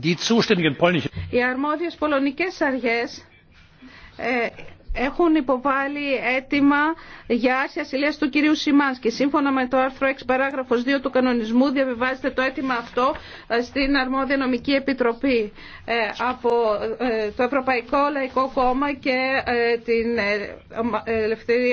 Οι αρμόδιες πολωνικές αρχές ε, έχουν υποβάλει αίτημα για άρση ασυλία του κυρίου και Σύμφωνα με το άρθρο 6 παράγραφος 2 του κανονισμού διαβιβάζεται το αίτημα αυτό ε, στην αρμόδια νομική επιτροπή ε, από το Ευρωπαϊκό Λαϊκό Κόμμα και την Ελευθερία